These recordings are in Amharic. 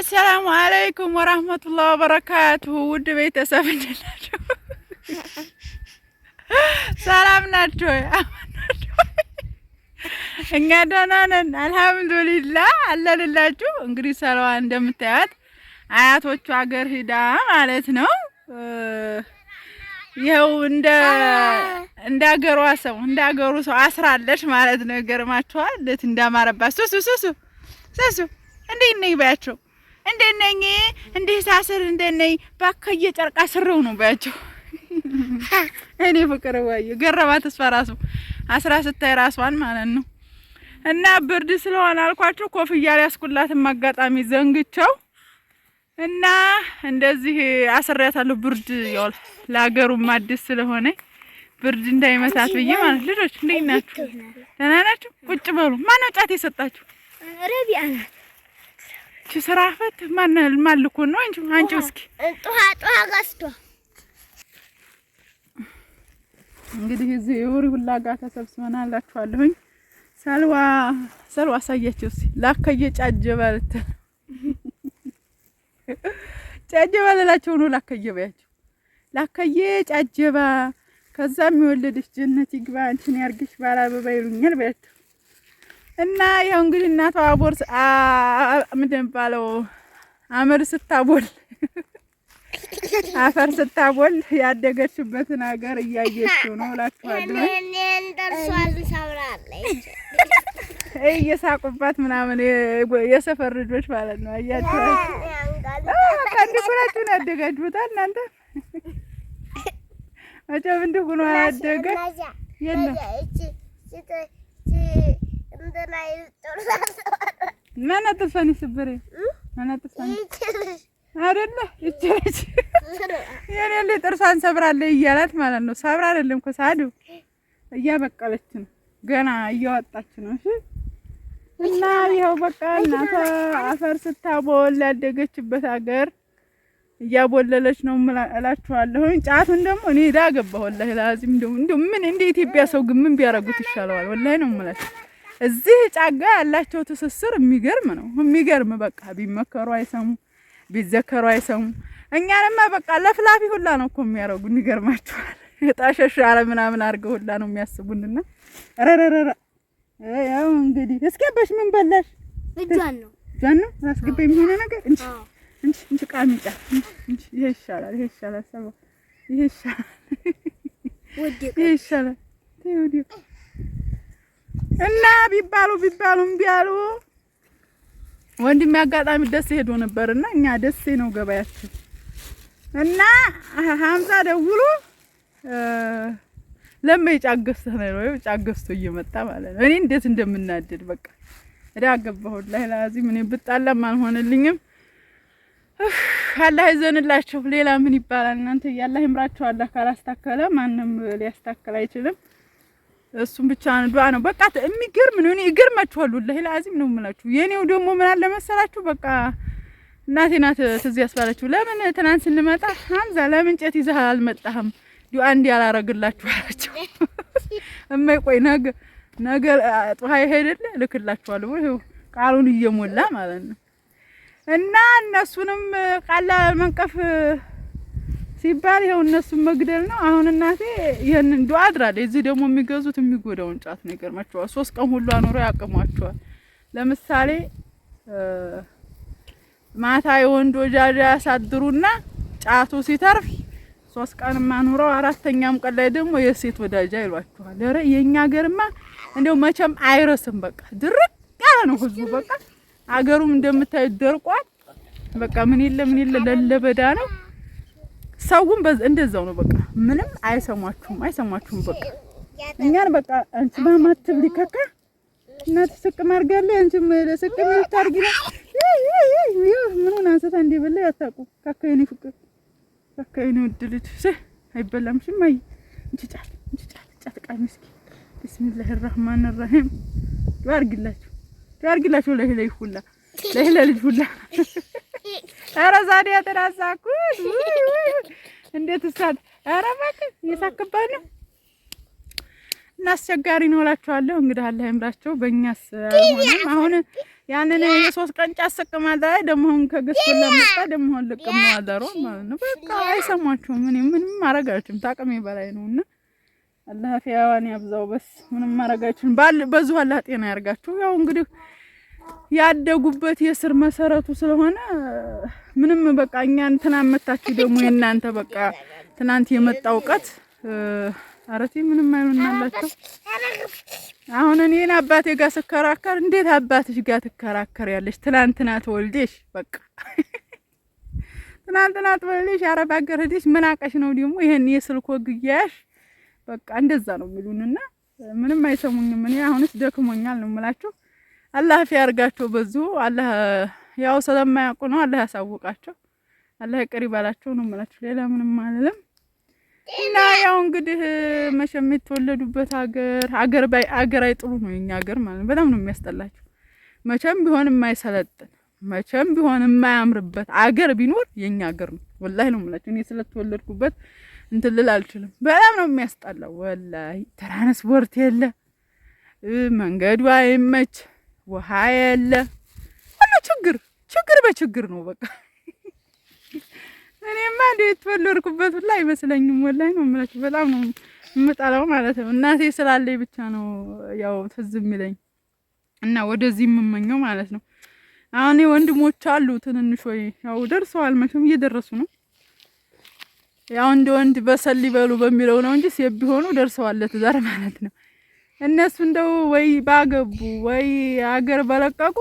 አሰላሙ አለይኩም ወራህመቱላህ ወበረካቱ ውድ ቤተሰብ እንደት ናቸው? ሰላም ናቸው? እኛ ደህና ነን አልሐምዱሊላህ አለንላችሁ። እንግዲህ ሰለዋ እንደምታያት አያቶቹ አገር ሂዳ ማለት ነው። ይኸው እንደ እንደ አገሯ ሰው እንደ አገሩ ሰው አስራለች ማለት ነው። ይገርማችኋል እንዴት እንዳማረባት ሱሱ ሱሱ ሱሱ እንዴት ነኝ ባያቸው እንዴት ነኝ? እንዲህ ሳስር እንዴት ነኝ? እባክህ እየጨርቃ ስረው ነው ባያቸው። እኔ ፍቅር ወይ ገረባት። ተስፋ ራሱ አስራ ስታይ ራሷን ማለት ነው። እና ብርድ ስለሆነ አልኳቸው ኮፍያ ሊያስኩላትም አጋጣሚ ዘንግቸው እና እንደዚህ አስሬያታለሁ። ብርድ ያውል ለሀገሩም አዲስ ስለሆነ ብርድ እንዳይመታት ብዬ ማለት ልጆች፣ እንዴት ናችሁ? ደህና ናችሁ? ቁጭ በሉ። ማነው ጫት የሰጣችሁ? ረቢያ ናት ይቺ ስራ ፈት ማን ማልኩ ነው አንቺ አንቺ እስኪ ጧ ጧ ጋስቷ እንግዲህ እዚህ ወሪ ሁላ ጋር ተሰብስበናል እላችኋለሁኝ። ሰልዋ ሰልዋ አሳያችሁ እስኪ ላከየ ጫጀ ባልተ ጫጀ ባላላችሁ ነው ላከየ ባያችሁ ላከየ ጫጀባ ከዛም የወለደች ጀነት ይግባ አንቺን ያርግሽ ባላ አበባ ይሉኛል ባያችሁ እና ያው እንግዲህ እናቷ ቦርስ ምንድን ባለው አመድ ስታቦል አፈር ስታቦል ያደገችበትን ሀገር እያየችው ነው እላችኋለሁ። እየሳቁባት ምናምን የሰፈር ልጆች ማለት ነው። አያችሁ እንዲህ ኩላችሁ ነው ያደጋችሁታ እናንተ መቼም እንዲህ ሆኖ ያደገ የለም መነጥፋን የሰበረ መነጥፋን አይደለ ይቻለች የኔ ጥርሷን ሰብራለች እያላት ማለት ነው። ሰብራ አይደለም እኮ ሳዱ እያበቀለች ነው፣ ገና እያወጣች ነው። እሺ እና ይኸው በቃ እናቷ አፈር ስታቦል ያደገችበት ሀገር እያቦለለች ነው እላችኋለሁኝ። ጫቱን ደግሞ እኔ ዳ ገባ ወላሂ ላዚም እንደው ምን እንደ ኢትዮጵያ ሰው ግን ምን ቢያደርጉት ይሻለዋል? ወላሂ ነው የምላችሁ። እዚህ ጫጋ ያላቸው ትስስር የሚገርም ነው። የሚገርም በቃ ቢመከሩ አይሰሙ፣ ቢዘከሩ አይሰሙ። እኛንማ በቃ ለፍላፊ ሁላ ነው እኮ የሚያረጉን። ይገርማችኋል። አለ ምናምን አድርገው ሁላ ነው የሚያስቡንና ረረረረ ያው እንግዲህ እስኪ አባሽ ምን በላሽ? እጇን ነው እጇን ነው አስገባ የሚሆነ ነገር እንጂ እንጂ እንጂ ቃሚጫ እንጂ ይሄ ይሻላል፣ ይሄ ይሻላል፣ ሰባ ይሄ ይሻላል፣ ይሄ ይሻላል። እና ቢባሉ ቢባሉ እምቢ አሉ። ወንድሜ አጋጣሚ ደስ ሄዶ ነበር እና እኛ ደሴ ነው ገበያችን እና ሀምዛ ደውሎ ለመ የጫገስተ ነው ወይ ጫገስቶ እየመጣ ማለት ነው። እኔ እንዴት እንደምናደድ በቃ እዳ ገባሁ ላይ ላዚ ምን ብጣላም አልሆነልኝም። አላህ ይዘንላቸው። ሌላ ምን ይባላል እናንተ? አላህ ይምራቸው። አላህ ካላስታከለ ማንም ሊያስታክል አይችልም። እሱም ብቻ ዱዓ ነው በቃ። የሚገርም ነው። እኔ ይገርማችኋል፣ ወላሂ ለአዚም ነው የምላችሁ። የኔው ደግሞ ምን አለ መሰላችሁ፣ በቃ እናቴ ናት ትዝ ያስባለችሁ። ለምን ትናንት ስንመጣ ሀምዛ ለምን ጨት ይዘህ አልመጣህም? ዱዓ እንዲህ አላረግላችሁ አላቸው። ቆይ ነገ ነገ ጧሃ ሄደለ ልክላችኋለሁ። ይኸው ቃሉን እየሞላ ማለት ነው እና እነሱንም ቃል መንቀፍ ሲባል ይኸው እነሱን መግደል ነው። አሁን እናቴ ይህንን እንዲ አድራለች። እዚህ ደግሞ የሚገዙት የሚጎዳውን ጫት ነው ይገርማቸዋል። ሶስት ቀን ሁሉ አኑሮ ያቅሟቸዋል። ለምሳሌ ማታ የወንድ ወጃጃ ያሳድሩና ጫቱ ሲተርፍ ሶስት ቀን አኑረው አራተኛም ቀን ላይ ደግሞ የሴት ወዳጃ ይሏችኋል። ኧረ የእኛ ሀገርማ እንደው መቼም አይረስም። በቃ ድርቅ ያለ ነው ህዝቡ። በቃ አገሩም እንደምታዩት ደርቋል። በቃ ምን የለ ምን የለ ለለበዳ ነው። ሰውም እንደዛው ነው። በቃ ምንም አይሰማችሁም፣ አይሰማችሁም። በቃ እኛን በቃ አንቺ ማማትብ ሊከካ እናት ስቅ ማርጋለ አንቺ ስቅ ማርጋለ ነው ምኑን አንስታ እንዲህ በላ ያታቁ ካካይኒ ፍቅር ካካይኒ ወድልት ሰ አይበላምሽም። አይ እንቺ ጫት እንቺ ጫት ጫት ቃል ምስኪ ቢስሚላሂ ራህማን ራሂም ዱአ አርግላችሁ ዱአ አርግላችሁ ለህለ ይሁላ ለህለ ልጅ ሁላ ኧረ ዛዲያ ተራሳኩት እንዴት እሳት ኧረ እባክህ እየሳክባህ ነው እና አስቸጋሪ ነው እላቸዋለሁ። እንግዲህ አለ ይምራቸው። በእኛስ አሁንም አሁን ያንን የሶስት ቀን ጫት ስቅም አለ ደግሞ አሁን ከገዝቶ ለመጣ ደግሞ አሁን ልቅም አደሮ ማለት ነው። በቃ አይሰማችሁም። እኔ ምንም ማድረግ አልችልም። ታቅሜ በላይ ነው እና አላህ ፊያዋን ያብዛው። በስ ምንም ማድረግ አልችልም። ባል በዙ አላህ ጤና ያርጋችሁ። ያው እንግዲህ ያደጉበት የስር መሰረቱ ስለሆነ ምንም በቃ እኛ እንትና መታችሁ ደግሞ የእናንተ በቃ ትናንት የመጣ እውቀት አረቴ ምንም አይሆንናላቸው። አሁን እኔን አባቴ ጋር ስከራከር እንዴት አባትሽ ጋር ትከራከር ያለሽ ትናንትና ተወልዴሽ በቃ ትናንትና ተወልዴሽ አረብ አገር ሄደሽ ምን አቀሽ ነው ደግሞ ይሄን የስልኮ ግያሽ በቃ እንደዛ ነው የሚሉንና ምንም አይሰሙኝም። እኔ አሁንስ ደክሞኛል ነው የምላችሁ። አላህ ፊ ያርጋቸው። በዙ አላህ ያው ስለማያውቁ ነው። አላህ ያሳውቃቸው። አላህ ቅሪ ባላቸው ነው የምላችሁ። ሌላ ምንም አልልም። እና ያው እንግዲህ መቼም የተወለዱበት ሀገር ሀገር ባይ ሀገር አይጥሩ ነው የኛ ሀገር ማለት ነው። በጣም ነው የሚያስጠላቸው። መቼም ቢሆን የማይሰለጥን መቼም ቢሆን የማያምርበት አገር ቢኖር የኛ ሀገር ነው። ወላሂ ነው የምላችሁ። እኔ ስለተወለድኩበት እንትን ልል አልችልም። በጣም ነው የሚያስጠላው። ወላሂ ትራንስፖርት የለ፣ መንገዱ አይመች ውሃ የለ ሁሉ ችግር ችግር በችግር ነው በቃ። እኔማ እንደ የተወለድኩበት ሁላ አይመስለኝም። ወላይ ነው የምላችሁ በጣም ነው የምጠላው ማለት ነው። እናቴ ስላለኝ ብቻ ነው ያው ትዝ የሚለኝ እና ወደዚህ የምመኘው ማለት ነው። አሁን ወንድሞች አሉ ትንንሽ ወይ ያው ደርሰዋል፣ መቼም እየደረሱ ነው። ያው እንደ ወንድ በሰል ይበሉ በሚለው ነው እንጂ ሴት ቢሆኑ ደርሰዋል ለትዳር ማለት ነው። እነሱ እንደው ወይ ባገቡ ወይ አገር በለቀቁ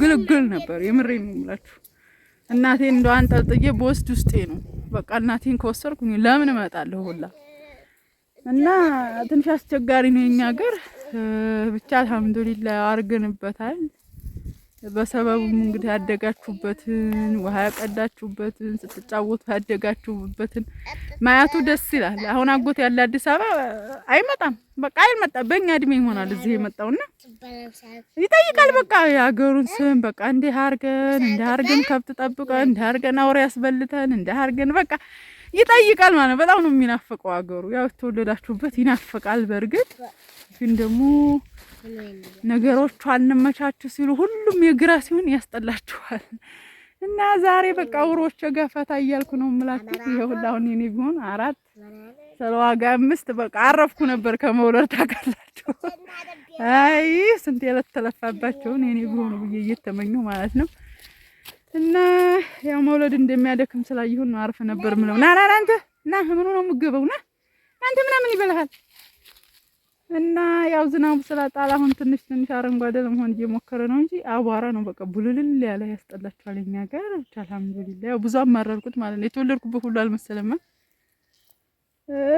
ግልግል ነበር። የምሬ ነው የምላችሁ። እናቴን እንደው አንጠልጥዬ በወስድ ውስጤ ነው በቃ እናቴን ከወሰድኩ ለምን እመጣለሁ ሁላ እና ትንሽ አስቸጋሪ ነው የኛ ሀገር ብቻ አልሐምዱሊላህ አርገንበታል። በሰበቡም እንግዲህ ያደጋችሁበትን ውሃ ያቀዳችሁበትን ስትጫወቱ ያደጋችሁበትን ማየቱ ደስ ይላል። አሁን አጎት ያለ አዲስ አበባ አይመጣም፣ በቃ አይመጣም። በእኛ እድሜ ይሆናል እዚህ የመጣውና ይጠይቃል። በቃ የሀገሩን ስም በቃ እንዲህ አርገን እንዲህ አርገን ከብት ጠብቀን እንዲህ አርገን አውሬ ያስበልተን እንዲህ አርገን በቃ ይጠይቃል ማለት በጣም ነው የሚናፍቀው ሀገሩ። ያው የተወለዳችሁበት ይናፍቃል። በእርግጥ ግን ደግሞ ነገሮቹ አልመቻችሁ ሲሉ ሁሉም የግራ ሲሆን ያስጠላችኋል። እና ዛሬ በቃ ውሮች ገፈታ እያልኩ ነው የምላችሁ። የሁላሁን አሁን ቢሆን አራት ስለዋጋ አምስት በቃ አረፍኩ ነበር ከመውለድ ታውቃላችሁ። አይ ስንት የለት ተለፋባቸውን የእኔ ቢሆኑ ብዬ እየተመኙ ማለት ነው። እና ያው መውለድ እንደሚያደክም ስላየሁን ነው አርፍ ነበር ምለው። ና ና አንተ ና ምኑ ነው የምገበው? ና አንተ ምናምን ይበልሃል እና ያው ዝናቡ ስላጣል አሁን ትንሽ ትንሽ አረንጓዴ ለመሆን እየሞከረ ነው እንጂ አቧራ ነው በቃ ቡልልል ያለ ያስጠላችኋል። እኛ ጋር ብቻ አልሐምዱሊላ ያው ብዙ አማረርኩት ማለት ነው። የተወለድኩበት ሁሉ አልመሰለማ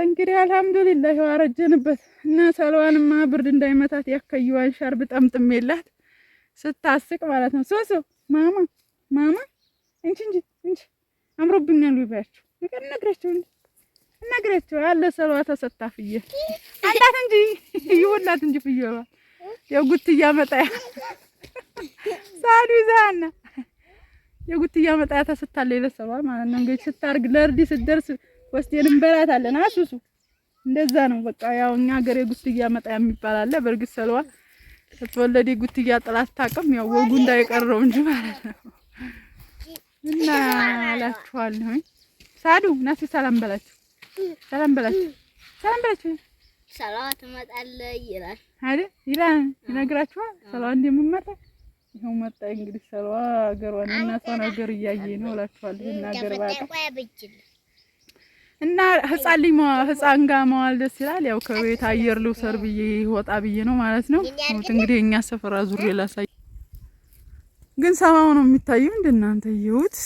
እንግዲህ አልሐምዱሊላ ያው አረጀንበት እና ሰልዋንማ ብርድ እንዳይመታት ያከየዋን ሻርብ ጠምጥም የላት ስታስቅ ማለት ነው። ሶሶ ማማ ማማ እንቺ እንጂ እንቺ አምሮብኛል ይባያቸው ነገር ነግረቸው እንጂ እነግረቸው አለ ሰልዋ ተሰታፍየ ይወላት እንጂ ይወላት እንጂ ፍየሏ የጉት ሳዱ የጉት ተስታለ ማለት ነው። እንግዲህ ስታርግ ለእርድ ስትደርስ ወስደን እንበላታለን። አሱሱ እንደዛ ነው በቃ ያው እኛ ሀገር የጉት የሚባል አለ። በእርግጥ ስትወለድ የጉት ያው ወጉ እንዳይቀረው እንጂ ማለት ነው። እና ሳዱ ናሲ ሰላም በላችሁ፣ ሰላም በላችሁ፣ ሰላም በላችሁ። ሰላዋ ትመጣለች ይላል አይደል? ይላል ይነግራችኋል። ሰላዋ እንደምመጣ ይኸው መጣ። እንግዲህ ሰላዋ ሀገሯን እና ሷን እያየ ነው እላችኋለሁ። እና ሀገር እና ህፃን ልጅ ህፃን ጋር መዋል ደስ ይላል። ያው ከቤት አየር ልውሰድ ብዬ ወጣ ብዬ ነው ማለት ነው። እንግዲህ እኛ ሰፈራ ዙሬ ላሳይ ግን ሰማው ነው የሚታየው። እንደናንተ ይሁት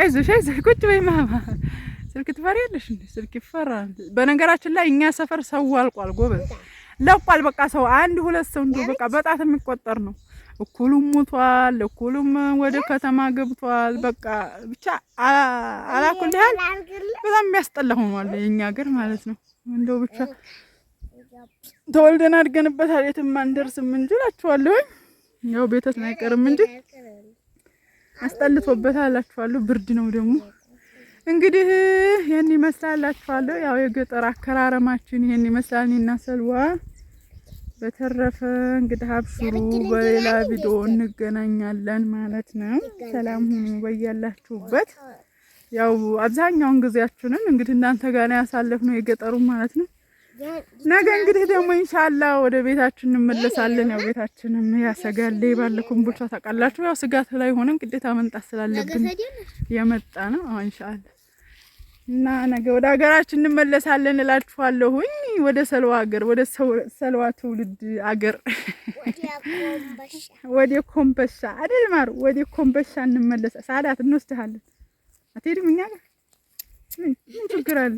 አይዞሽ አይዞሽ ቁጭ በይ ማማ ስልክ ትፈሪያለሽ እንዴ? ስልክ ይፈራል። በነገራችን ላይ እኛ ሰፈር ሰው አልቋል፣ ጎበዝ ለቋል። በቃ ሰው አንድ ሁለት ሰው እንዲሁ በቃ በጣት የሚቆጠር ነው። እኩሉም ሙቷል፣ እኩሉም ወደ ከተማ ገብቷል። በቃ ብቻ አላኩል ያህል በጣም የሚያስጠላ ሆኗል የእኛ ሀገር ማለት ነው። እንደው ብቻ ተወልደን አድገንበታል የትም አንደርስም እንጂ እላችኋለሁኝ። ያው ቤተሰብ አይቀርም እንጂ አስጠልቶበታል እላችኋለሁ። ብርድ ነው ደግሞ እንግዲህ ይህን ይመስላላችኋለሁ። ያው የገጠር አከራረማችን ይህን ይመስላል። እኔና ሰልዋ በተረፈ እንግዲህ አብሽሩ፣ በሌላ ቪዲዮ እንገናኛለን ማለት ነው። ሰላም ሁኑ በያላችሁበት። ያው አብዛኛውን ጊዜያችንን እንግዲህ እናንተ ጋር ያሳለፍነው የገጠሩ ማለት ነው። ነገ እንግዲህ ደግሞ እንሻላ ወደ ቤታችን እንመለሳለን። ያው ቤታችንም ያሰጋል። ባለኩም ቡልቻ ታውቃላችሁ። ያው ስጋት ላይ ሆነን ግዴታ መምጣት ስላለብን የመጣ ነው። አሁን ኢንሻአላ እና ነገ ወደ ሀገራችን እንመለሳለን እላችኋለሁኝ። ወደ ሰልዋ ሀገር፣ ወደ ሰልዋ ትውልድ አገር፣ ወደ ኮምበሻ አይደል ማር፣ ወደ ኮምበሻ እንመለሳ። ሳዳት እንወስድሃለን። አትሄድም? እኛ ጋር ምን ችግር አለ?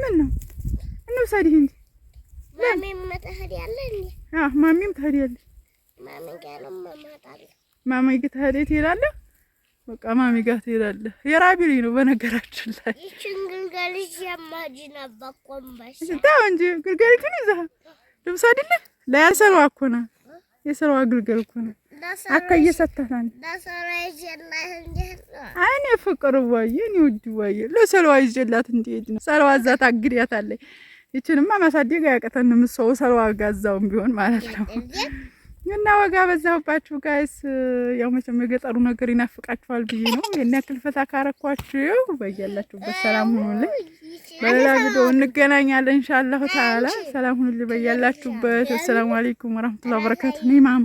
ምን ነው እንውሰድህ እንጂ ማሚም ትሄዳለች። ማሚ ጋር ትሄዳለች ትሄዳለህ። በቃ ማሚ ጋር ትሄዳለህ። የራቢሪ ነው በነገራችን ላይ ታው እንጂ ግልገሊቱን ይዘሃል። ልብስ አይደለ ለያሰረዋ እኮ ነው የሰራው ግልገል እኮ ነው አካ እየሰታታን አይኔ ፍቅር ወይ እኔ ውድ ዋዬ ለሰለዋ ይዤላት እንዲሄድ ነው ሰለዋ እዛ ታግዳታለች ይችንማ ማሳደግ አያቅተንም። ሰው ሰው አጋዛውም ቢሆን ማለት ነው። እና ወጋ በዛሁባችሁ ጋይስ፣ ያው መቼም የገጠሩ ነገር ይናፍቃችኋል ብዬ ነው የኔ ያክል ፈታ ካረኳችሁ። በያላችሁበት ሰላም ሁኑልኝ። በሌላ ቪዲዮ እንገናኛለን ኢንሻአላሁ ተዓላ። ሰላም ሁኑልኝ በያላችሁበት። አሰላሙ አለይኩም ወራህመቱላሂ ወበረካቱሁ። ማማ